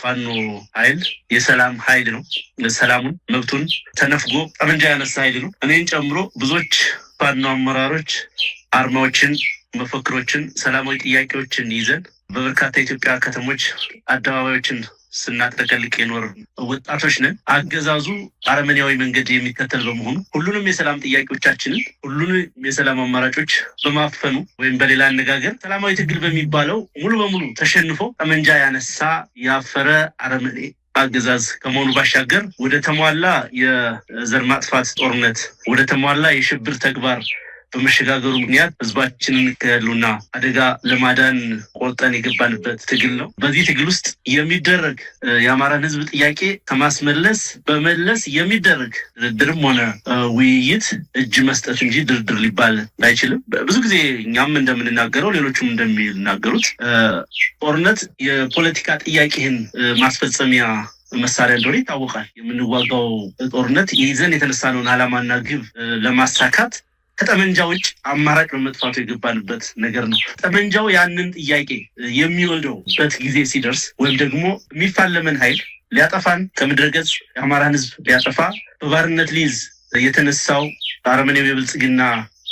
ፋኖ ኃይል የሰላም ኃይል ነው። ሰላሙን መብቱን ተነፍጎ ጠመንጃ ያነሳ ኃይል ነው። እኔን ጨምሮ ብዙዎች ፋኖ አመራሮች አርማዎችን፣ መፈክሮችን፣ ሰላማዊ ጥያቄዎችን ይዘን በበርካታ የኢትዮጵያ ከተሞች አደባባዮችን ስናጠቀልቅ የኖር ወጣቶች ነን። አገዛዙ አረመኔያዊ መንገድ የሚከተል በመሆኑ ሁሉንም የሰላም ጥያቄዎቻችንን ሁሉንም የሰላም አማራጮች በማፈኑ ወይም በሌላ አነጋገር ሰላማዊ ትግል በሚባለው ሙሉ በሙሉ ተሸንፎ ጠመንጃ ያነሳ ያፈረ አረመኔ አገዛዝ ከመሆኑ ባሻገር ወደ ተሟላ የዘር ማጥፋት ጦርነት፣ ወደ ተሟላ የሽብር ተግባር በመሸጋገሩ ምክንያት ህዝባችንን ከህልውና አደጋ ለማዳን ቆርጠን የገባንበት ትግል ነው። በዚህ ትግል ውስጥ የሚደረግ የአማራን ህዝብ ጥያቄ ከማስመለስ በመለስ የሚደረግ ድርድርም ሆነ ውይይት እጅ መስጠት እንጂ ድርድር ሊባል አይችልም። ብዙ ጊዜ እኛም እንደምንናገረው ሌሎቹም እንደሚናገሩት ጦርነት የፖለቲካ ጥያቄህን ማስፈጸሚያ መሳሪያ እንደሆነ ይታወቃል። የምንዋጋው ጦርነት ይዘን የተነሳነውን አላማና ግብ ለማሳካት ከጠመንጃ ውጭ አማራጭ በመጥፋቱ የገባንበት ነገር ነው። ጠመንጃው ያንን ጥያቄ የሚወልደውበት ጊዜ ሲደርስ ወይም ደግሞ የሚፋለመን ኃይል ሊያጠፋን ከምድረገጽ የአማራን ህዝብ ሊያጠፋ በባርነት ሊይዝ የተነሳው አረመኔው የብልጽግና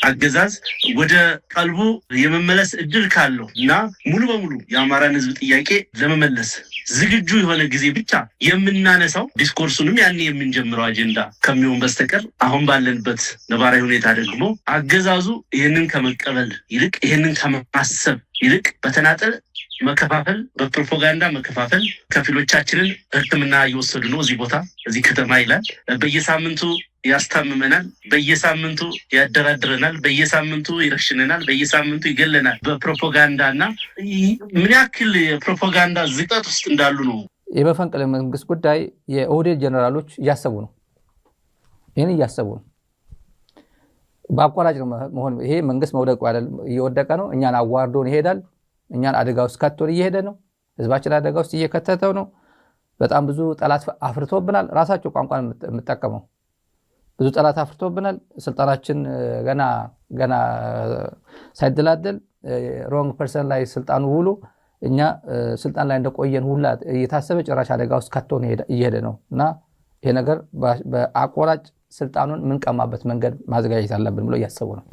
አገዛዝ ወደ ቀልቡ የመመለስ እድል ካለው እና ሙሉ በሙሉ የአማራን ህዝብ ጥያቄ ለመመለስ ዝግጁ የሆነ ጊዜ ብቻ የምናነሳው ዲስኮርሱንም ያን የምንጀምረው አጀንዳ ከሚሆን በስተቀር አሁን ባለንበት ነባራዊ ሁኔታ ደግሞ አገዛዙ ይህንን ከመቀበል ይልቅ ይህንን ከማሰብ ይልቅ በተናጠል መከፋፈል በፕሮፓጋንዳ መከፋፈል፣ ከፊሎቻችንን ሕክምና እየወሰዱ ነው፣ እዚህ ቦታ እዚህ ከተማ ይላል። በየሳምንቱ ያስታምመናል፣ በየሳምንቱ ያደራድረናል፣ በየሳምንቱ ይረሽነናል፣ በየሳምንቱ ይገለናል። በፕሮፓጋንዳ እና ምን ያክል የፕሮፓጋንዳ ዝቅጠት ውስጥ እንዳሉ ነው። የመፈንቅለ መንግስት ጉዳይ የኦህዴድ ጀነራሎች እያሰቡ ነው። ይህን እያሰቡ ነው። በአቋራጭ መሆን። ይሄ መንግስት መውደቁ እየወደቀ ነው። እኛን አዋርዶን ይሄዳል። እኛን አደጋ ውስጥ ከቶን እየሄደ ነው። ህዝባችን አደጋ ውስጥ እየከተተው ነው። በጣም ብዙ ጠላት አፍርቶብናል። ራሳቸው ቋንቋን የምጠቀመው ብዙ ጠላት አፍርቶብናል። ስልጣናችን ገና ገና ሳይደላደል ሮንግ ፐርሰን ላይ ስልጣኑ ውሎ እኛ ስልጣን ላይ እንደቆየን ሁላ እየታሰበ ጭራሽ አደጋ ውስጥ ከቶን እየሄደ ነው እና ይሄ ነገር በአቆራጭ ስልጣኑን የምንቀማበት መንገድ ማዘጋጀት አለብን ብሎ እያሰቡ ነው።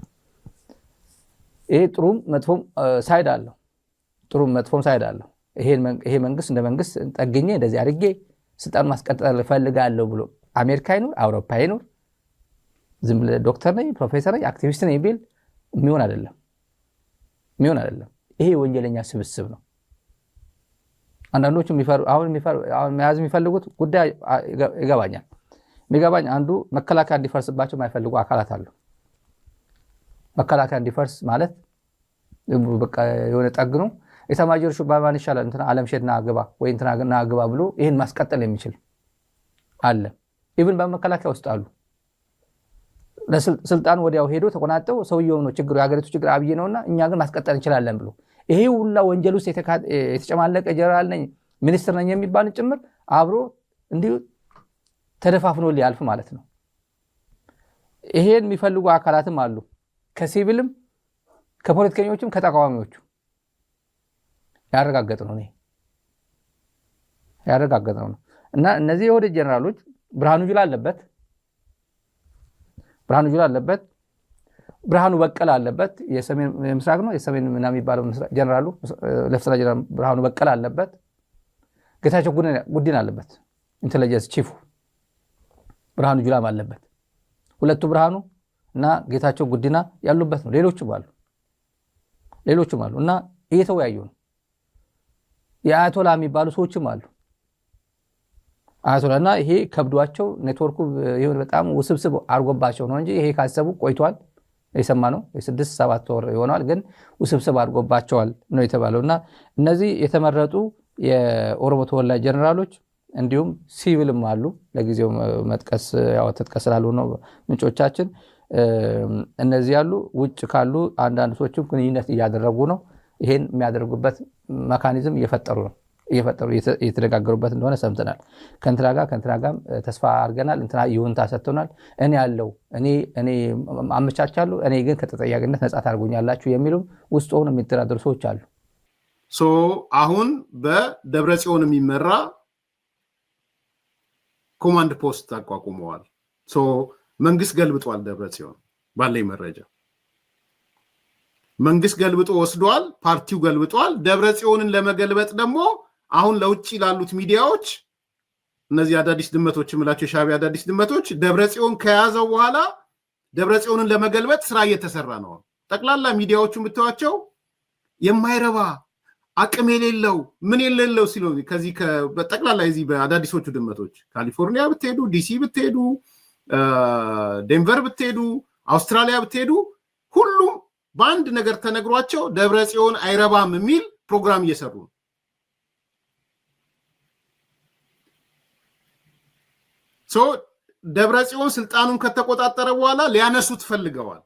ይሄ ጥሩም መጥፎም ሳይድ አለው። ጥሩም መጥፎም ሳይድ አለው። ይሄ መንግስት እንደ መንግስት ጠግኜ እንደዚህ አድርጌ ስልጣኑ ማስቀጠል እፈልጋለሁ ብሎ አሜሪካ ይኑር አውሮፓ ይኑር ዝም ዶክተር ነኝ ፕሮፌሰር ነኝ አክቲቪስት ነኝ ቢል የሚሆን አይደለም የሚሆን አይደለም። ይሄ ወንጀለኛ ስብስብ ነው። አንዳንዶቹ መያዝ የሚፈልጉት ጉዳይ ይገባኛል። የሚገባኝ አንዱ መከላከያ እንዲፈርስባቸው የማይፈልጉ አካላት አሉ። መከላከያ እንዲፈርስ ማለት የሆነ ጠግኑ የተማጀር ሹባማን ይሻላል እንትና አለም ሼድ ናግባ ወይ እንትና ናግባ ብሎ ይህን ማስቀጠል የሚችል አለ። ኢቭን በመከላከያ ውስጥ አሉ። ለስልጣን ወዲያው ሄዶ ተቆናጠው ሰውየው ነው ችግሩ፣ የሀገሪቱ ችግር አብይ ነውና እኛ ግን ማስቀጠል እንችላለን ብሎ ይሄ ሁላ ወንጀል ውስጥ የተጨማለቀ ጀነራል ነኝ ሚኒስትር ነኝ የሚባል ጭምር አብሮ እንዲሁ ተደፋፍኖ ሊያልፍ ማለት ነው። ይሄን የሚፈልጉ አካላትም አሉ፣ ከሲቪልም ከፖለቲከኞችም ከተቃዋሚዎቹ ያረጋገጥ ነው ያረጋገጥ ነው እና እነዚህ የወደ ጀነራሎች ብርሃኑ ጁላ አለበት ብርሃኑ ጁላ አለበት፣ ብርሃኑ በቀል አለበት። የሰሜን ምስራቅ ነው የሰሜን ምና የሚባለው ጀነራሉ ለፍትና ጀነራል ብርሃኑ በቀል አለበት። ጌታቸው ጉዲን አለበት፣ ኢንቴለጀንስ ቺፉ ብርሃኑ ጁላም አለበት። ሁለቱ ብርሃኑ እና ጌታቸው ጉዲና ያሉበት ነው። ሌሎችም አሉ ሌሎችም አሉ እና እየተወያዩ ነው። የአያቶላ የሚባሉ ሰዎችም አሉ። አያቶላ እና ይሄ ከብዷቸው ኔትወርኩ ይሁን በጣም ውስብስብ አድርጎባቸው ነው እንጂ ይሄ ካሰቡ ቆይቷል። የሰማ ነው የስድስት ሰባት ወር ይሆናል፣ ግን ውስብስብ አድርጎባቸዋል ነው የተባለው። እና እነዚህ የተመረጡ የኦሮሞ ተወላጅ ጀነራሎች እንዲሁም ሲቪልም አሉ። ለጊዜው መጥቀስ ያው ተጥቀስ ስላሉ ነው ምንጮቻችን። እነዚህ ያሉ ውጭ ካሉ አንዳንድ ሰዎችም ግንኙነት እያደረጉ ነው። ይሄን የሚያደርጉበት መካኒዝም እየፈጠሩ ነው። እየፈጠሩ የተደጋገሩበት እንደሆነ ሰምተናል። ከእንትና ጋር ከእንትና ጋርም ተስፋ አድርገናል። እንትና ይሁንታ ሰጥቶናል። እኔ አለው እኔ አመቻቻለሁ፣ እኔ ግን ከተጠያቂነት ነጻ ታደርጉኛላችሁ የሚሉም ውስጥ ሆኑ የሚደራደሩ ሰዎች አሉ። አሁን በደብረ ጽዮን የሚመራ ኮማንድ ፖስት አቋቁመዋል። መንግስት ገልብጧል። ደብረ ጽዮን ባለኝ መረጃ መንግስት ገልብጦ ወስዷል። ፓርቲው ገልብጧል። ደብረ ጽዮንን ለመገልበጥ ደግሞ አሁን ለውጭ ላሉት ሚዲያዎች እነዚህ አዳዲስ ድመቶች የምላቸው የሻዕቢያ አዳዲስ ድመቶች ደብረጽዮን ከያዘው በኋላ ደብረጽዮንን ለመገልበጥ ስራ እየተሰራ ነው። ጠቅላላ ሚዲያዎቹ ብታዋቸው የማይረባ አቅም የሌለው ምን የሌለው ሲሉ ከዚህ ጠቅላላ የዚህ በአዳዲሶቹ ድመቶች ካሊፎርኒያ ብትሄዱ፣ ዲሲ ብትሄዱ፣ ዴንቨር ብትሄዱ፣ አውስትራሊያ ብትሄዱ ሁሉም በአንድ ነገር ተነግሯቸው ደብረጽዮን አይረባም የሚል ፕሮግራም እየሰሩ ነው። ደብረ ጽዮን ስልጣኑን ከተቆጣጠረ በኋላ ሊያነሱት ፈልገዋል።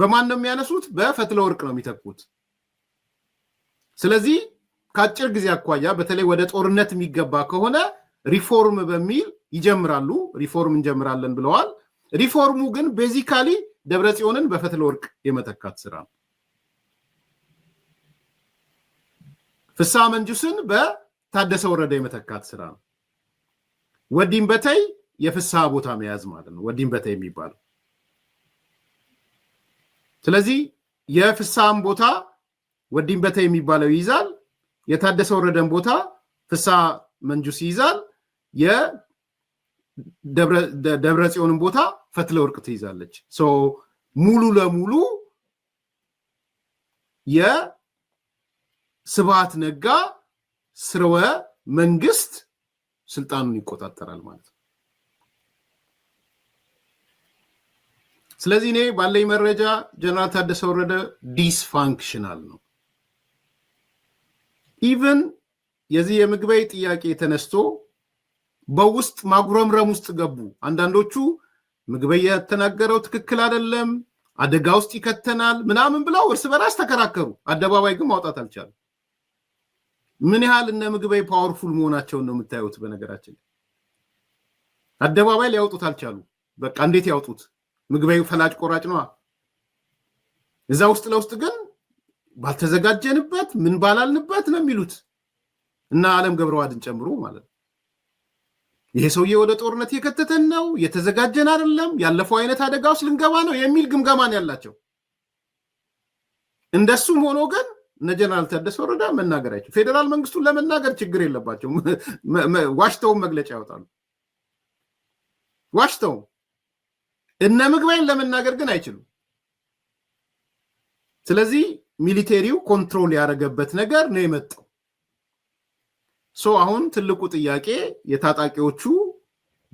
በማን ነው የሚያነሱት? በፈትለ ወርቅ ነው የሚተኩት። ስለዚህ ከአጭር ጊዜ አኳያ በተለይ ወደ ጦርነት የሚገባ ከሆነ ሪፎርም በሚል ይጀምራሉ። ሪፎርም እንጀምራለን ብለዋል። ሪፎርሙ ግን ቤዚካሊ ደብረ ጽዮንን በፈትለ ወርቅ የመተካት ስራ ነው። ፍስሐ መንጁስን በታደሰ ወረደ የመተካት ስራ ነው። ወዲም በተይ የፍስሐ ቦታ መያዝ ማለት ነው። ወዲም በተይ የሚባለው ስለዚህ የፍስሐን ቦታ ወዲም በተይ የሚባለው ይይዛል። የታደሰ ወረደን ቦታ ፍስሐ መንጁስ ይይዛል። የደብረ ጽዮንን ቦታ ፈትለ ወርቅ ትይዛለች። ሙሉ ለሙሉ የስብሐት ነጋ ስርወ መንግስት ስልጣኑን ይቆጣጠራል ማለት ነው። ስለዚህ እኔ ባለኝ መረጃ ጀነራል ታደሰ ወረደ ዲስፋንክሽናል ነው። ኢቨን የዚህ የምግበይ ጥያቄ ተነስቶ በውስጥ ማጉረምረም ውስጥ ገቡ። አንዳንዶቹ ምግበይ የተናገረው ትክክል አይደለም፣ አደጋ ውስጥ ይከተናል ምናምን ብለው እርስ በራስ ተከራከሩ። አደባባይ ግን ማውጣት አልቻለም። ምን ያህል እነ ምግበይ ፓወርፉል መሆናቸውን ነው የምታዩት። በነገራችን ላይ አደባባይ ሊያውጡት አልቻሉ። በቃ እንዴት ያውጡት? ምግበይ ፈላጭ ቆራጭ ነዋ። እዛ ውስጥ ለውስጥ ግን ባልተዘጋጀንበት ምን ባላልንበት ነው የሚሉት እና አለም ገብረዋድን ጨምሮ ማለት ነው። ይሄ ሰውዬ ወደ ጦርነት የከተተን ነው፣ የተዘጋጀን አይደለም፣ ያለፈው አይነት አደጋ ውስጥ ልንገባ ነው የሚል ግምገማን ያላቸው እንደሱም ሆኖ ግን እነ ጀነራል ታደሰ ወረዳ መናገር አይችሉም። ፌዴራል መንግስቱን ለመናገር ችግር የለባቸው ዋሽተውም መግለጫ ያወጣሉ። ዋሽተው እነ ምግባይን ለመናገር ግን አይችሉም። ስለዚህ ሚሊቴሪው ኮንትሮል ያደረገበት ነገር ነው የመጣው። ሶ አሁን ትልቁ ጥያቄ የታጣቂዎቹ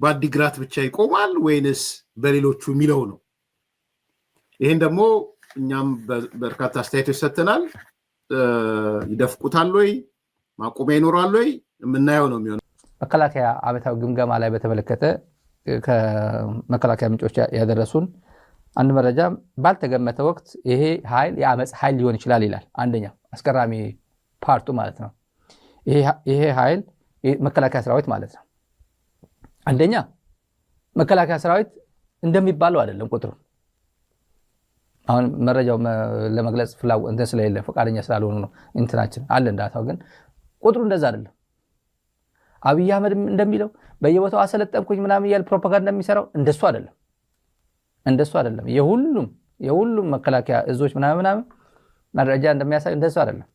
በአዲግራት ብቻ ይቆማል ወይንስ በሌሎቹ የሚለው ነው። ይህን ደግሞ እኛም በርካታ አስተያየቶች ሰጥተናል። ይደፍቁታል ወይ ማቆሚያ ይኖራል ወይ የምናየው ነው የሚሆነው። መከላከያ አመታዊ ግምገማ ላይ በተመለከተ ከመከላከያ ምንጮች ያደረሱን አንድ መረጃ ባልተገመተ ወቅት ይሄ ኃይል የአመፅ ኃይል ሊሆን ይችላል ይላል። አንደኛ አስገራሚ ፓርቱ ማለት ነው። ይሄ ኃይል መከላከያ ሰራዊት ማለት ነው። አንደኛ መከላከያ ሰራዊት እንደሚባለው አይደለም ቁጥሩ አሁን መረጃው ለመግለጽ ፍላጎት እንትን ስለሌለ ፈቃደኛ ስላልሆኑ ነው። እንትናችን አለን ዳታው፣ ግን ቁጥሩ እንደዛ አይደለም። አብይ አህመድ እንደሚለው በየቦታው አሰለጠንኩኝ ምናምን እያል ፕሮፓጋንዳ የሚሰራው እንደሱ አይደለም፣ እንደሱ አይደለም። የሁሉም የሁሉም መከላከያ እዞች ምናምን ምናምን መረጃ እንደሚያሳይ እንደሱ አይደለም።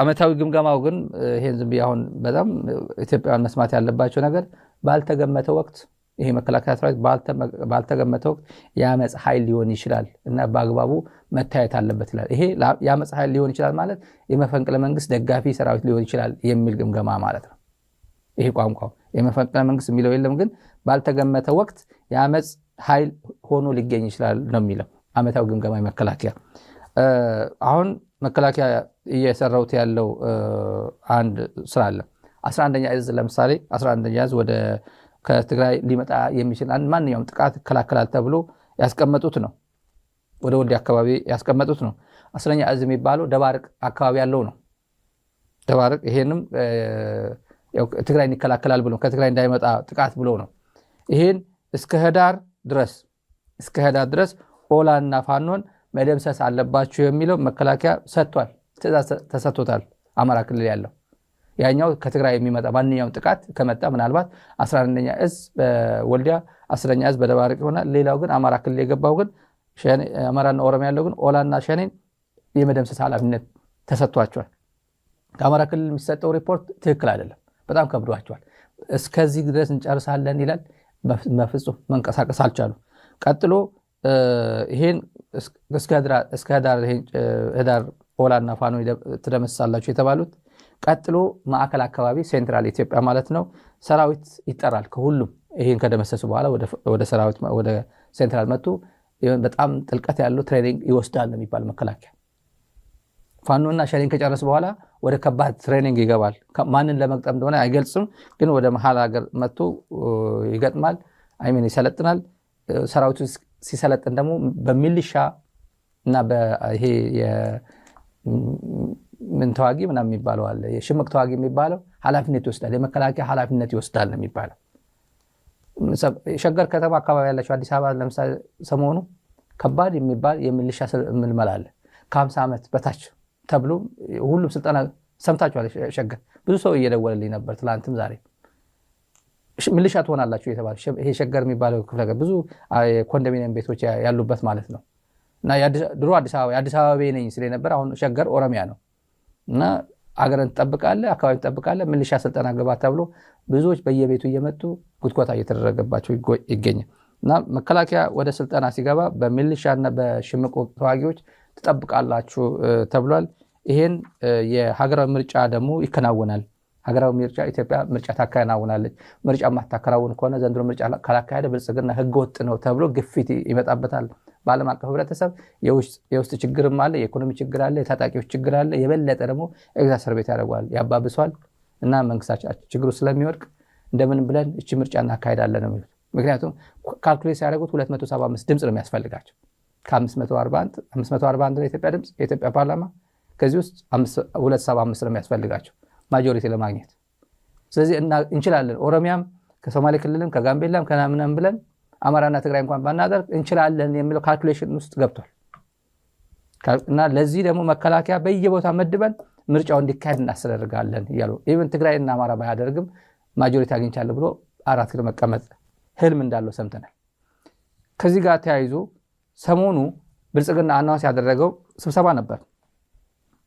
አመታዊ ግምገማው ግን ይሄን ዝም ብዬ አሁን በጣም ኢትዮጵያውያን መስማት ያለባቸው ነገር ባልተገመተ ወቅት ይሄ መከላከያ ሰራዊት ባልተገመተ ወቅት የአመፅ ኃይል ሊሆን ይችላል እና በአግባቡ መታየት አለበት ይላል። ይሄ የአመፅ ኃይል ሊሆን ይችላል ማለት የመፈንቅለ መንግስት ደጋፊ ሰራዊት ሊሆን ይችላል የሚል ግምገማ ማለት ነው። ይሄ ቋንቋው የመፈንቅለ መንግስት የሚለው የለም፣ ግን ባልተገመተ ወቅት የአመፅ ኃይል ሆኖ ሊገኝ ይችላል ነው የሚለው አመታዊ ግምገማ መከላከያ። አሁን መከላከያ እየሰራውት ያለው አንድ ስራ አለ። 11ኛ እዝ ለምሳሌ 11ኛ እዝ ወደ ከትግራይ ሊመጣ የሚችል ማንኛውም ጥቃት ይከላከላል ተብሎ ያስቀመጡት ነው። ወደ ወልዲ አካባቢ ያስቀመጡት ነው። አስረኛ እዝ የሚባለው ደባርቅ አካባቢ ያለው ነው። ደባርቅ ይሄንም ትግራይን ይከላከላል ብሎ ከትግራይ እንዳይመጣ ጥቃት ብሎ ነው። ይሄን እስከ ህዳር ድረስ እስከ ህዳር ድረስ ኦላና ፋኖን መደምሰስ አለባችሁ የሚለው መከላከያ ሰጥቷል፣ ትእዛዝ ተሰጥቶታል። አማራ ክልል ያለው ያኛው ከትግራይ የሚመጣ ማንኛውም ጥቃት ከመጣ ምናልባት 11ኛ እዝ በወልዲያ 10ኛ እዝ በደባርቅ ይሆናል። ሌላው ግን አማራ ክልል የገባው ግን አማራና ኦሮሚያ ያለው ግን ኦላና ሸኔን የመደምሰስ ኃላፊነት ተሰጥቷቸዋል። ከአማራ ክልል የሚሰጠው ሪፖርት ትክክል አይደለም፣ በጣም ከብዷቸዋል። እስከዚህ ድረስ እንጨርሳለን ይላል። በፍጹም መንቀሳቀስ አልቻሉ። ቀጥሎ ይሄን እስከ ህዳር ኦላና ፋኖ ትደመስሳላችሁ የተባሉት ቀጥሎ ማዕከል አካባቢ ሴንትራል ኢትዮጵያ ማለት ነው ሰራዊት ይጠራል ከሁሉም ይህን ከደመሰሱ በኋላ ወደ ሴንትራል መጡ። በጣም ጥልቀት ያለው ትሬኒንግ ይወስዳል ነው የሚባል መከላከያ ፋኖና ሸኔን ከጨረስ በኋላ ወደ ከባድ ትሬኒንግ ይገባል። ማንን ለመግጠም እንደሆነ አይገልጽም፣ ግን ወደ መሀል ሀገር መጥቶ ይገጥማል። አይሚን ይሰለጥናል። ሰራዊቱ ሲሰለጥን ደግሞ በሚልሻ እና ይሄ ምን ተዋጊ ምና የሚባለው አለ። የሽምቅ ተዋጊ የሚባለው ሀላፊነት ይወስዳል፣ የመከላከያ ኃላፊነት ይወስዳል ነው የሚባለው። ሸገር ከተማ አካባቢ ያላቸው አዲስ አበባ ለምሳሌ ሰሞኑ ከባድ የሚባል የሚልሻ ምልመላ አለ። ዓመት በታች ተብሎ ሁሉም ስልጠና ሰምታችኋል። ሸገር ብዙ ሰው እየደወለልኝ ነበር ትላንትም ዛሬ ምልሻ ትሆናላችሁ የተባለ ይሄ ሸገር የሚባለው ክፍለ ብዙ ኮንዶሚኒየም ቤቶች ያሉበት ማለት ነው። እና ድሮ አዲስ አበባ አዲስ አበባ ነኝ ስለነበር አሁን ሸገር ኦሮሚያ ነው እና አገርን ትጠብቃለህ፣ አካባቢ ትጠብቃለህ፣ ምልሻ ስልጠና ግባ ተብሎ ብዙዎች በየቤቱ እየመጡ ጉትኮታ እየተደረገባቸው ይገኛል። እና መከላከያ ወደ ስልጠና ሲገባ በሚሊሻና በሽምቅ ተዋጊዎች ትጠብቃላችሁ ተብሏል። ይሄን የሀገራዊ ምርጫ ደግሞ ይከናወናል። ሀገራዊ ምርጫ ኢትዮጵያ ምርጫ ታከናውናለች። ምርጫ ማታከናውን ከሆነ ዘንድሮ ምርጫ ካላካሄደ ብልጽግና ህገወጥ ነው ተብሎ ግፊት ይመጣበታል። በዓለም አቀፍ ህብረተሰብ የውስጥ ችግርም አለ፣ የኢኮኖሚ ችግር አለ፣ የታጣቂዎች ችግር አለ። የበለጠ ደግሞ ኤግዛሰር ቤት ያደርገዋል፣ ያባብሷል እና መንግስታ ችግሩ ስለሚወድቅ እንደምን ብለን እቺ ምርጫ እናካሄዳለን ነው የሚሉት። ምክንያቱም ካልኩሌት ሲያደርጉት 275 ድምፅ ነው የሚያስፈልጋቸው ከ541 ነው የኢትዮጵያ ድምፅ የኢትዮጵያ ፓርላማ ከዚህ ውስጥ 275 ነው የሚያስፈልጋቸው ማጆሪቲ ለማግኘት። ስለዚህ እንችላለን ኦሮሚያም ከሶማሌ ክልልም ከጋምቤላም ከናምናም ብለን አማራና ትግራይ እንኳን ባናደርግ እንችላለን የሚለው ካልኩሌሽን ውስጥ ገብቷል እና ለዚህ ደግሞ መከላከያ በየቦታ መድበን ምርጫው እንዲካሄድ እናስተደርጋለን እያሉ ኢቨን ትግራይና አማራ ባያደርግም ማጆሪቲ አግኝቻለሁ ብሎ አራት ኪሎ መቀመጥ ህልም እንዳለው ሰምተናል። ከዚህ ጋር ተያይዞ ሰሞኑ ብልጽግና አናዋስ ያደረገው ስብሰባ ነበር።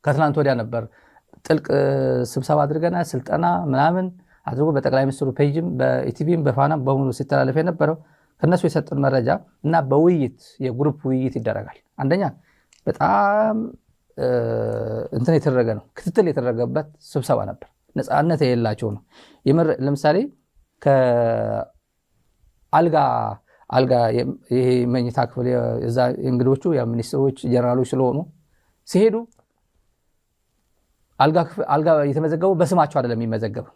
ከትላንት ወዲያ ነበር ጥልቅ ስብሰባ አድርገና ስልጠና ምናምን አድርጎ በጠቅላይ ሚኒስትሩ ፔጅም በኢቲቪም በፋናም በሙሉ ሲተላለፍ የነበረው ከእነሱ የሰጡን መረጃ እና በውይይት የግሩፕ ውይይት ይደረጋል። አንደኛ በጣም እንትን የተደረገ ነው፣ ክትትል የተደረገበት ስብሰባ ነበር። ነፃነት የሌላቸው ነው። ለምሳሌ ከአልጋ አልጋ ይሄ መኝታ ክፍል እዛ እንግዶቹ ሚኒስትሮች፣ ጀነራሎች ስለሆኑ ሲሄዱ አልጋ የተመዘገቡ በስማቸው አይደለም የሚመዘገበው።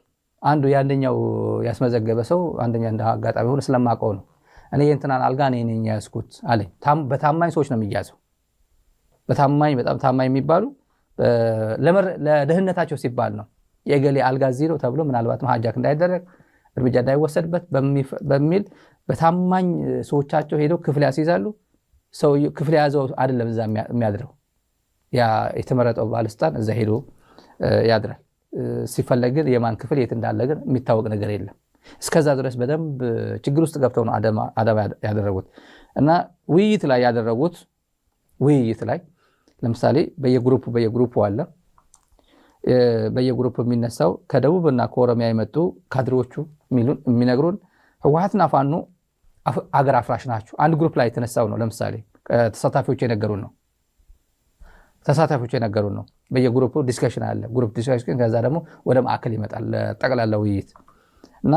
አንዱ የአንደኛው ያስመዘገበ ሰው አንደኛ እንደ አጋጣሚ ሆነ ስለማውቀው ነው እኔ የእንትናን አልጋ ነ ነኝ ያዝኩት በታማኝ ሰዎች ነው የሚያዘው። በታማኝ በጣም ታማኝ የሚባሉ ለደህንነታቸው ሲባል ነው። የገሌ አልጋ ዚሮ ተብሎ ምናልባት ሀጃክ እንዳይደረግ እርምጃ እንዳይወሰድበት በሚል በታማኝ ሰዎቻቸው ሄደው ክፍል ያስይዛሉ። ሰው ክፍል የያዘው አይደለም እዛ የሚያድረው ያ የተመረጠው ባለስልጣን እዛ ሄዶ ያድራል። ሲፈለግ ግን የማን ክፍል የት እንዳለ ግን የሚታወቅ ነገር የለም። እስከዛ ድረስ በደንብ ችግር ውስጥ ገብተው ነው አዳማ ያደረጉት እና ውይይት ላይ ያደረጉት ውይይት ላይ ለምሳሌ በየግሩፕ በየግሩፕ አለ በየግሩፕ የሚነሳው ከደቡብና ከኦሮሚያ የመጡ ካድሬዎቹ የሚነግሩን ህወሓትና ፋኖ አገር አፍራሽ ናቸው። አንድ ግሩፕ ላይ የተነሳው ነው። ለምሳሌ ተሳታፊዎች የነገሩን ነው ተሳታፊዎች የነገሩን ነው። በየግሩፕ ዲስከሽን አለ። ግሩፕ ዲስከሽን ከዛ ደግሞ ወደ ማዕከል ይመጣል ጠቅላላ ውይይት እና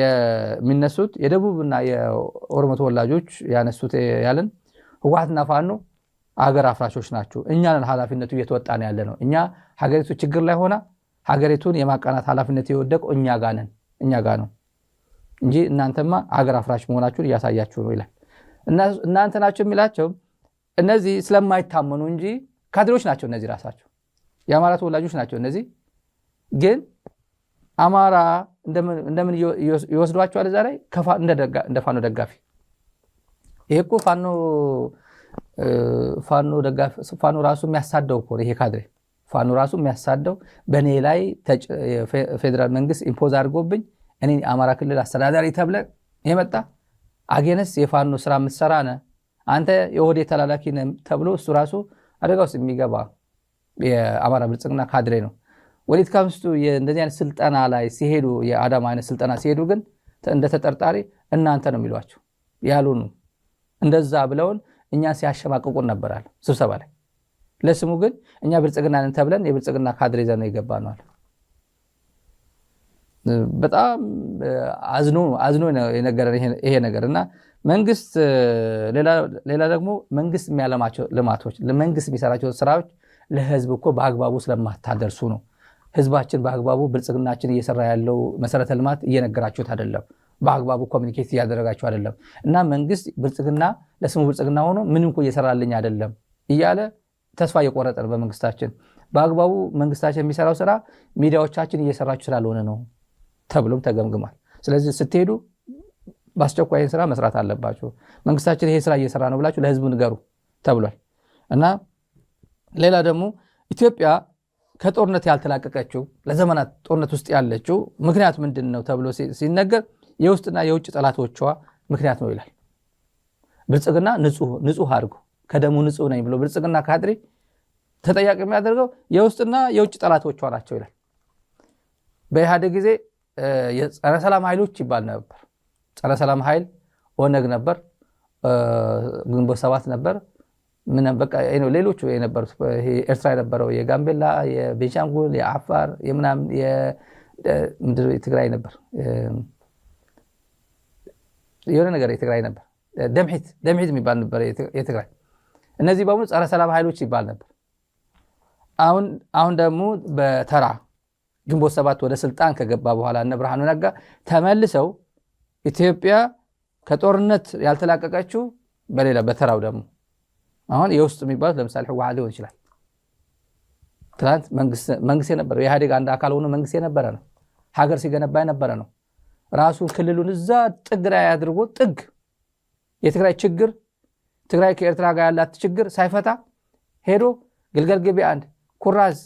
የሚነሱት የደቡብና የኦሮሞ ተወላጆች ያነሱት ያለን ህወሓትና ፋኖ አገር አፍራሾች ናቸው። እኛን ኃላፊነቱ እየተወጣን ያለ ነው። እኛ ሀገሪቱ ችግር ላይ ሆና ሀገሪቱን የማቃናት ኃላፊነት የወደቀው እኛ ጋ ነን እኛ ጋ ነው እንጂ እናንተማ አገር አፍራሽ መሆናችሁን እያሳያችሁ ነው ይላል። እናንተ ናቸው የሚላቸው እነዚህ ስለማይታመኑ እንጂ ካድሬዎች ናቸው። እነዚህ ራሳቸው የአማራ ተወላጆች ናቸው። እነዚህ ግን አማራ እንደምን ይወስዷቸዋል? እዛ ላይ እንደ ፋኖ ደጋፊ ይሄ እኮ ፋኖ ፋኖ ደጋፊ ፋኖ ራሱ የሚያሳደው እኮ ይሄ ካድሬ ፋኖ ራሱ የሚያሳደው በእኔ ላይ ፌዴራል መንግስት ኢምፖዝ አድርጎብኝ እኔ አማራ ክልል አስተዳዳሪ ተብለ የመጣ አጌነስ የፋኖ ስራ የምትሰራ ነ አንተ የወደ ተላላኪ ተብሎ እሱ ራሱ አደጋ ውስጥ የሚገባ የአማራ ብልጽግና ካድሬ ነው። ወሊት ካምስቱ እንደዚህ አይነት ስልጠና ላይ ሲሄዱ የአዳማ አይነት ስልጠና ሲሄዱ ግን እንደ ተጠርጣሪ እናንተ ነው የሚሏቸው ያሉን እንደዛ ብለውን እኛ ሲያሸማቅቁን ነበራል ስብሰባ ላይ ለስሙ ግን እኛ ብልጽግና ነን ተብለን የብልጽግና ካድሬ ይዘን ነው የገባ ነዋል። በጣም አዝኖ አዝኖ ይሄ ነገር እና መንግስት ሌላ ደግሞ መንግስት የሚያለማቸው ልማቶች መንግስት የሚሰራቸው ስራዎች ለህዝብ እኮ በአግባቡ ስለማታደርሱ ነው። ህዝባችን በአግባቡ ብልጽግናችን እየሰራ ያለው መሰረተ ልማት እየነገራችሁት አይደለም። በአግባቡ ኮሚኒኬት እያደረጋችሁ አይደለም። እና መንግስት ብልጽግና ለስሙ ብልጽግና ሆኖ ምንም እኮ እየሰራልኝ አይደለም እያለ ተስፋ እየቆረጠ ነው። በመንግስታችን በአግባቡ መንግስታችን የሚሰራው ስራ ሚዲያዎቻችን እየሰራችሁ ስላልሆነ ነው ተብሎም ተገምግሟል። ስለዚህ ስትሄዱ በአስቸኳይ ስራ መስራት አለባችሁ። መንግስታችን ይሄ ስራ እየሰራ ነው ብላችሁ ለህዝቡ ንገሩ ተብሏል። እና ሌላ ደግሞ ኢትዮጵያ ከጦርነት ያልተላቀቀችው ለዘመናት ጦርነት ውስጥ ያለችው ምክንያት ምንድን ነው ተብሎ ሲነገር የውስጥና የውጭ ጠላቶቿ ምክንያት ነው ይላል። ብልጽግና ንጹህ አድርጎ ከደሙ ንጹህ ነኝ ብሎ ብልጽግና ካድሬ ተጠያቂ የሚያደርገው የውስጥና የውጭ ጠላቶቿ ናቸው ይላል። በኢህአዴግ ጊዜ የጸረ ሰላም ኃይሎች ይባል ነበር። ጸረ ሰላም ኃይል ኦነግ ነበር፣ ግንቦት ሰባት ነበር ሌሎቹ የነበሩት ኤርትራ የነበረው የጋምቤላ፣ የቤንሻንጉል፣ የአፋር የምናምን ነበር የሆነ ነገር የትግራይ ነበር። ደምሒት ደምሒት የሚባል ነበር የትግራይ እነዚህ በሙሉ ጸረ ሰላም ኃይሎች ይባል ነበር። አሁን ደግሞ በተራ ግንቦት ሰባት ወደ ስልጣን ከገባ በኋላ እነ ብርሃኑ ነጋ ተመልሰው ኢትዮጵያ ከጦርነት ያልተላቀቀችው በሌላ በተራው ደግሞ አሁን የውስጥ የሚባሉት ለምሳሌ ህወሓት ሊሆን ይችላል። ትናንት መንግስት የነበረ የኢህአዴግ አንድ አካል ሆኖ መንግስት የነበረ ነው። ሀገር ሲገነባ የነበረ ነው። ራሱን ክልሉን እዛ ጥግ ላይ አድርጎ ጥግ የትግራይ ችግር ትግራይ ከኤርትራ ጋር ያላት ችግር ሳይፈታ ሄዶ ግልገል ግቤ አንድ ኩራዝ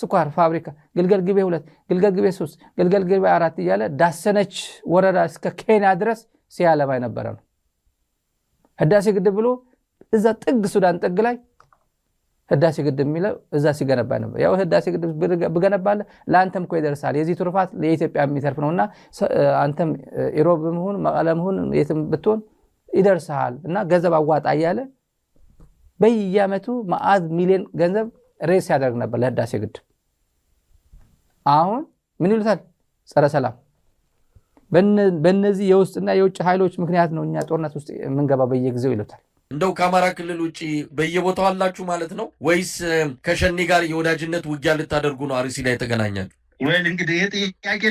ስኳር ፋብሪካ፣ ግልገል ግቤ ሁለት፣ ግልገል ግቤ ሶስት፣ ግልገል ግቤ አራት እያለ ዳሰነች ወረዳ እስከ ኬንያ ድረስ ሲያለማ የነበረ ነው። ህዳሴ ግድብ ብሎ እዛ ጥግ ሱዳን ጥግ ላይ ህዳሴ ግድብ የሚለው እዛ ሲገነባ ነበር። ያው ህዳሴ ግድብ ብገነባለ ለአንተም እኮ ይደርሳል። የዚህ ትሩፋት ለኢትዮጵያ የሚተርፍ ነውእና አንተም ኢሮብ ሁን መቀለም ሁን የትም ብትሆን ይደርሰሃል እና ገንዘብ አዋጣ እያለ በየአመቱ ማአዝ ሚሊዮን ገንዘብ ሬስ ሲያደርግ ነበር ለህዳሴ ግድብ። አሁን ምን ይሉታል? ጸረ ሰላም። በእነዚህ የውስጥና የውጭ ኃይሎች ምክንያት ነው እኛ ጦርነት ውስጥ የምንገባ በየጊዜው ይሉታል። እንደው ከአማራ ክልል ውጭ በየቦታው አላችሁ ማለት ነው ወይስ ከሸኔ ጋር የወዳጅነት ውጊያ ልታደርጉ ነው አርሲ ላይ የተገናኛችሁ? ወይል እንግዲህ ይህ ጥያቄ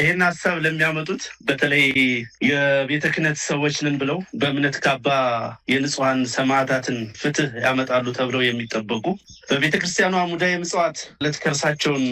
ይህን ሀሳብ ለሚያመጡት በተለይ የቤተ ክህነት ሰዎች ነን ብለው በእምነት ካባ የንጹሐን ሰማዕታትን ፍትህ ያመጣሉ ተብለው የሚጠበቁ በቤተ ክርስቲያኗ ሙዳየ ምጽዋት ዕለት ከርሳቸውን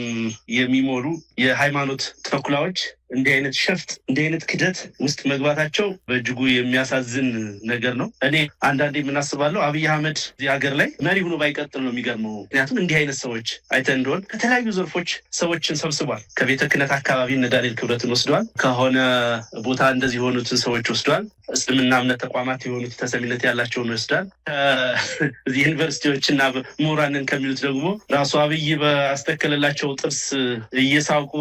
የሚሞሉ የሃይማኖት ተኩላዎች እንዲህ አይነት ሸፍጥ እንዲህ አይነት ክደት ውስጥ መግባታቸው በእጅጉ የሚያሳዝን ነገር ነው። እኔ አንዳንዴ የምናስባለው አብይ አህመድ እዚህ ሀገር ላይ መሪ ሆኖ ባይቀጥል ነው የሚገርመው። ምክንያቱም እንዲህ አይነት ሰዎች አይተን እንደሆን ከተለያዩ ዘርፎች ሰዎችን ሰብስቧል። ከቤተ ክህነት አካባቢ እነ ዳንኤል ክብረትን ወስዷል። ከሆነ ቦታ እንደዚህ የሆኑትን ሰዎች ወስዷል። እስልምና እምነት ተቋማት የሆኑት ተሰሚነት ያላቸውን ወስዷል። እዚህ ዩኒቨርሲቲዎችና ምሁራንን ከሚሉት ደግሞ ራሱ አብይ ባስተከለላቸው ጥርስ እየሳውቁ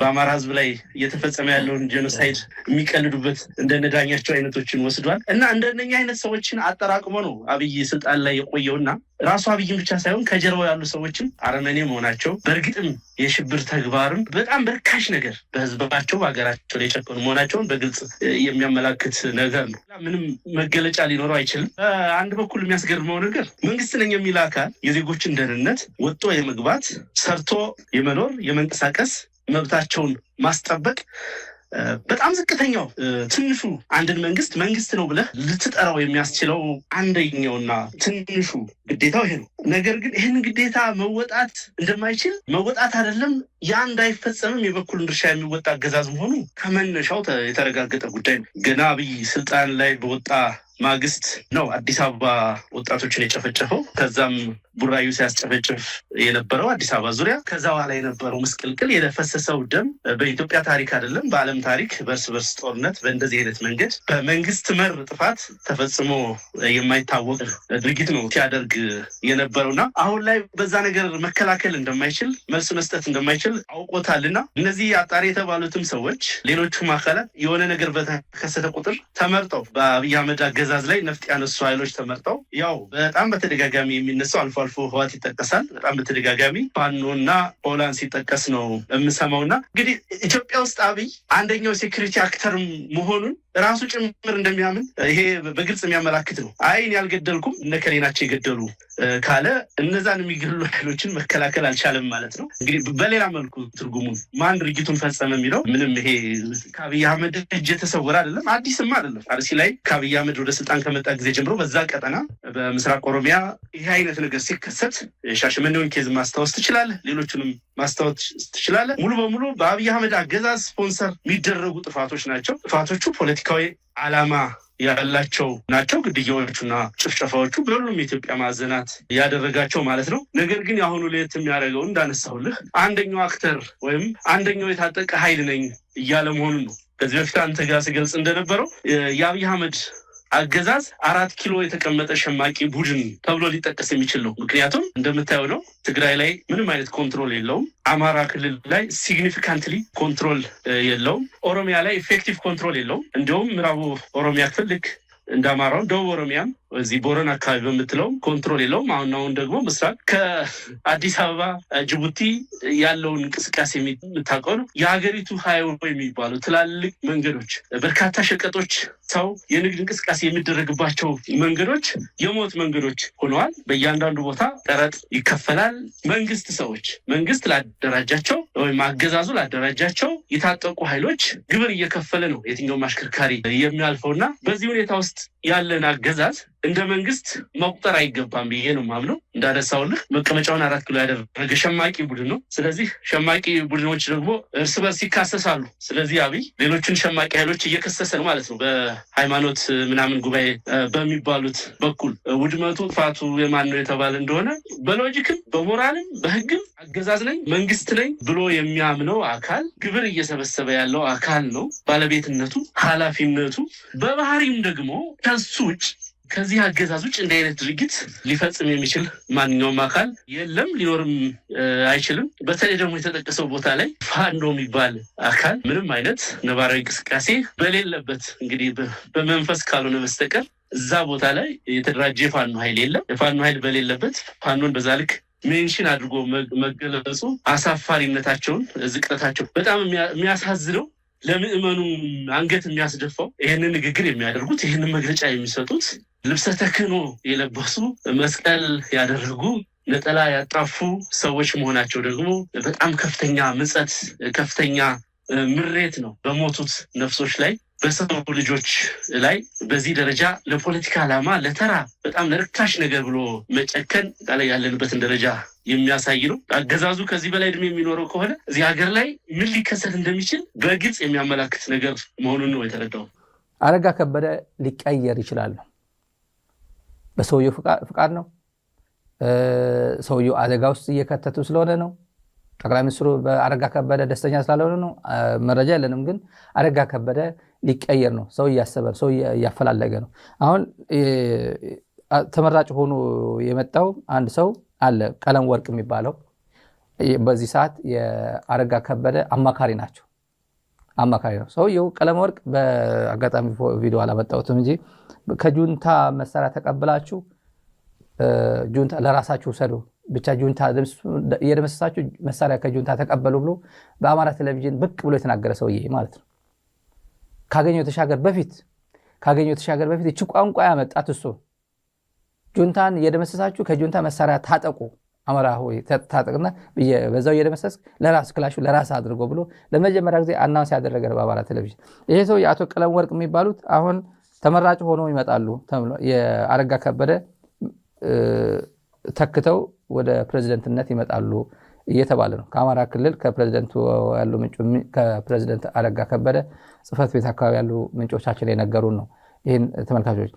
በአማራ ህዝብ ላይ እየተፈጸመ ያለውን ጄኖሳይድ የሚቀልዱበት እንደነዳኛቸው አይነቶችን ወስዷል እና እንደነኛ አይነት ሰዎችን አጠራቅሞ ነው አብይ ስልጣን ላይ የቆየውና ራሱ አብይን ብቻ ሳይሆን ከጀርባው ያሉ ሰዎችም አረመኔ መሆናቸው በእርግጥም የሽብር ተግባርም በጣም በርካሽ ነገር በህዝባቸው በሀገራቸው ላይ የጨቀኑ መሆናቸውን በግልጽ የሚያመላክት ነገር ነው። ምንም መገለጫ ሊኖረው አይችልም። አንድ በኩል የሚያስገርመው ነገር መንግስት ነኝ የሚል አካል የዜጎችን ደህንነት ወጥቶ የመግባት ሰርቶ የመኖር የመንቀሳቀስ መብታቸውን ማስጠበቅ በጣም ዝቅተኛው ትንሹ አንድን መንግስት መንግስት ነው ብለህ ልትጠራው የሚያስችለው አንደኛውና ትንሹ ግዴታው ይሄ ነው። ነገር ግን ይህን ግዴታ መወጣት እንደማይችል መወጣት አይደለም ያ እንዳይፈጸምም የበኩሉን ድርሻ የሚወጣ አገዛዝ መሆኑ ከመነሻው የተረጋገጠ ጉዳይ ነው። ገና አብይ ስልጣን ላይ በወጣ ማግስት ነው አዲስ አበባ ወጣቶችን የጨፈጨፈው። ከዛም ቡራዩ ሲያስጨፈጭፍ የነበረው አዲስ አበባ ዙሪያ፣ ከዛ በኋላ የነበረው ምስቅልቅል የፈሰሰው ደም በኢትዮጵያ ታሪክ አይደለም በዓለም ታሪክ በእርስ በርስ ጦርነት በእንደዚህ አይነት መንገድ በመንግስት መር ጥፋት ተፈጽሞ የማይታወቅ ድርጊት ነው ሲያደርግ የነበረውና አሁን ላይ በዛ ነገር መከላከል እንደማይችል መልስ መስጠት እንደማይችል አውቆታልና እነዚህ አጣሪ የተባሉትም ሰዎች ሌሎቹም አካላት የሆነ ነገር በተከሰተ ቁጥር ተመርጠው በአብይ አህመድ ትእዛዝ ላይ ነፍጥ ያነሱ ኃይሎች ተመርጠው ያው በጣም በተደጋጋሚ የሚነሳው አልፎ አልፎ ህዋት ይጠቀሳል። በጣም በተደጋጋሚ እና ኦላን ሲጠቀስ ነው የምሰማውና እንግዲህ ኢትዮጵያ ውስጥ አብይ አንደኛው ሴኩሪቲ አክተር መሆኑን ራሱ ጭምር እንደሚያምን ይሄ በግልጽ የሚያመላክት ነው። አይን ያልገደልኩም እነከሌ ናቸው የገደሉ ካለ እነዛን የሚገሉ ኃይሎችን መከላከል አልቻለም ማለት ነው። እንግዲህ በሌላ መልኩ ትርጉሙን ማን ድርጊቱን ፈጸመ የሚለው ምንም ይሄ ከአብይ አህመድ እጅ የተሰወረ አይደለም፣ አዲስም አይደለም። አርሲ ላይ ከአብይ አህመድ ወደ ስልጣን ከመጣ ጊዜ ጀምሮ በዛ ቀጠና በምስራቅ ኦሮሚያ ይሄ አይነት ነገር ሲከሰት ሻሸመኔውን ኬዝ ማስታወስ ትችላለህ። ሌሎቹንም ማስታወት ትችላለን። ሙሉ በሙሉ በአብይ አህመድ አገዛዝ ስፖንሰር የሚደረጉ ጥፋቶች ናቸው። ጥፋቶቹ ፖለቲካዊ አላማ ያላቸው ናቸው። ግድያዎቹና ጭፍጨፋዎቹ በሁሉም የኢትዮጵያ ማዕዘናት ያደረጋቸው ማለት ነው። ነገር ግን የአሁኑ ለየት የሚያደርገው እንዳነሳሁልህ አንደኛው አክተር ወይም አንደኛው የታጠቀ ኃይል ነኝ እያለ መሆኑን ነው። ከዚህ በፊት አንተ ጋር ስገልጽ እንደነበረው የአብይ አህመድ አገዛዝ አራት ኪሎ የተቀመጠ ሸማቂ ቡድን ተብሎ ሊጠቀስ የሚችል ነው። ምክንያቱም እንደምታየው ነው፣ ትግራይ ላይ ምንም አይነት ኮንትሮል የለውም። አማራ ክልል ላይ ሲግኒፊካንትሊ ኮንትሮል የለውም። ኦሮሚያ ላይ ኢፌክቲቭ ኮንትሮል የለውም። እንዲሁም ምዕራቡ ኦሮሚያ ትልቅ እንደ አማራው ደቡብ ኦሮሚያም እዚህ ቦረን አካባቢ በምትለውም ኮንትሮል የለውም። አሁን አሁን ደግሞ ምስራቅ ከአዲስ አበባ ጅቡቲ ያለውን እንቅስቃሴ የምታውቀው ነው። የሀገሪቱ ሀይወ የሚባሉ ትላልቅ መንገዶች በርካታ ሸቀጦች ሰው የንግድ እንቅስቃሴ የሚደረግባቸው መንገዶች የሞት መንገዶች ሆነዋል። በእያንዳንዱ ቦታ ቀረጥ ይከፈላል። መንግስት ሰዎች መንግስት ላደራጃቸው ወይም አገዛዙ ላደራጃቸው የታጠቁ ኃይሎች ግብር እየከፈለ ነው የትኛውም አሽከርካሪ የሚያልፈው እና በዚህ ሁኔታ ውስጥ ያለን አገዛዝ እንደ መንግስት መቁጠር አይገባም ብዬ ነው ማምነው እንዳነሳውልህ መቀመጫውን አራት ኪሎ ያደረገ ሸማቂ ቡድን ነው። ስለዚህ ሸማቂ ቡድኖች ደግሞ እርስ በርስ ይካሰሳሉ። ስለዚህ አብይ ሌሎችን ሸማቂ ኃይሎች እየከሰሰ ነው ማለት ነው። በሃይማኖት ምናምን ጉባኤ በሚባሉት በኩል ውድመቱ ጥፋቱ የማን ነው የተባለ እንደሆነ በሎጂክም በሞራልም በህግም አገዛዝ ነኝ መንግስት ነኝ ብሎ የሚያምነው አካል ግብር እየሰበሰበ ያለው አካል ነው። ባለቤትነቱ ኃላፊነቱ በባህሪም ደግሞ ከሱ ውጭ ከዚህ አገዛዝ ውጭ እንዲህ አይነት ድርጊት ሊፈጽም የሚችል ማንኛውም አካል የለም፣ ሊኖርም አይችልም። በተለይ ደግሞ የተጠቀሰው ቦታ ላይ ፋኖ የሚባል አካል ምንም አይነት ነባራዊ እንቅስቃሴ በሌለበት እንግዲህ በመንፈስ ካልሆነ በስተቀር እዛ ቦታ ላይ የተደራጀ የፋኖ ኃይል የለም። የፋኖ ኃይል በሌለበት ፋኖን በዛ ልክ ሜንሽን አድርጎ መገለጹ አሳፋሪነታቸውን፣ ዝቅጠታቸው በጣም የሚያሳዝነው ለምእመኑ አንገት የሚያስደፋው ይህንን ንግግር የሚያደርጉት ይህንን መግለጫ የሚሰጡት ልብሰ ተክህኖ የለበሱ መስቀል ያደረጉ ነጠላ ያጣፉ ሰዎች መሆናቸው ደግሞ በጣም ከፍተኛ ምጸት፣ ከፍተኛ ምሬት ነው በሞቱት ነፍሶች ላይ በሰው ልጆች ላይ በዚህ ደረጃ ለፖለቲካ ዓላማ ለተራ በጣም ለርካሽ ነገር ብሎ መጨከን ላይ ያለንበትን ደረጃ የሚያሳይ ነው። አገዛዙ ከዚህ በላይ እድሜ የሚኖረው ከሆነ እዚህ ሀገር ላይ ምን ሊከሰት እንደሚችል በግልጽ የሚያመላክት ነገር መሆኑን ነው የተረዳው። አረጋ ከበደ ሊቀየር ይችላል ነው በሰውየው ፍቃድ ነው። ሰውየው አደጋ ውስጥ እየከተቱ ስለሆነ ነው። ጠቅላይ ሚኒስትሩ በአረጋ ከበደ ደስተኛ ስላልሆነ ነው። መረጃ የለንም፣ ግን አረጋ ከበደ ሊቀየር ነው። ሰው እያሰበ ሰው እያፈላለገ ነው። አሁን ተመራጭ ሆኖ የመጣው አንድ ሰው አለ፣ ቀለም ወርቅ የሚባለው በዚህ ሰዓት የአረጋ ከበደ አማካሪ ናቸው። አማካሪ ነው ሰውየው። ቀለም ወርቅ በአጋጣሚ ቪዲዮ አላመጣሁትም እንጂ ከጁንታ መሳሪያ ተቀብላችሁ ጁንታ ለራሳችሁ ውሰዱ ብቻ ጁንታ እየደመሰሳችሁ መሳሪያ ከጁንታ ተቀበሉ ብሎ በአማራ ቴሌቪዥን ብቅ ብሎ የተናገረ ሰውዬ ማለት ነው። ካገኘው ተሻገር በፊት ካገኘው ተሻገር በፊት እች ቋንቋ ያመጣት እሱ ጁንታን እየደመሰሳችሁ ከጁንታ መሳሪያ ታጠቁ አመራ ሆይ ታጠቅና በዛው እየደመሰስ ለራስ ክላሹ ለራስ አድርጎ ብሎ ለመጀመሪያ ጊዜ አናውንስ ያደረገ ነው በአማራ ቴሌቪዥን። ይሄ ሰው የአቶ ቀለም ወርቅ የሚባሉት አሁን ተመራጭ ሆኖ ይመጣሉ። የአረጋ ከበደ ተክተው ወደ ፕሬዚደንትነት ይመጣሉ እየተባለ ነው። ከአማራ ክልል ከፕሬዚደንቱ ያሉ ምንጩ ከፕሬዚደንት አረጋ ከበደ ጽህፈት ቤት አካባቢ ያሉ ምንጮቻችን የነገሩን ነው። ይህን ተመልካቾች